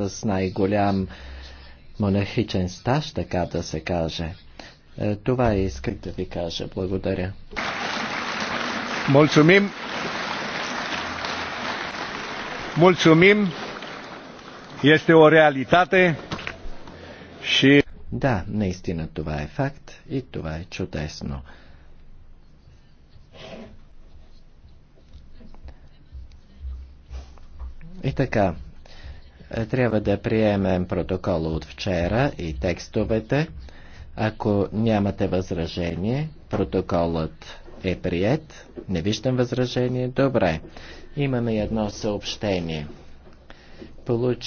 с най-голям монахичен стаж, така да се каже. Е, това е исках да ви кажа. Благодаря. Мулцумим. Мулцумим. Есте о реалитате. Ши... Да, наистина това е факт и това е чудесно. И така, е, трябва да приемем протокола от вчера и текстовете. Ако нямате възражение, протоколът е прият. Не виждам възражение. Добре. Имаме едно съобщение. Получи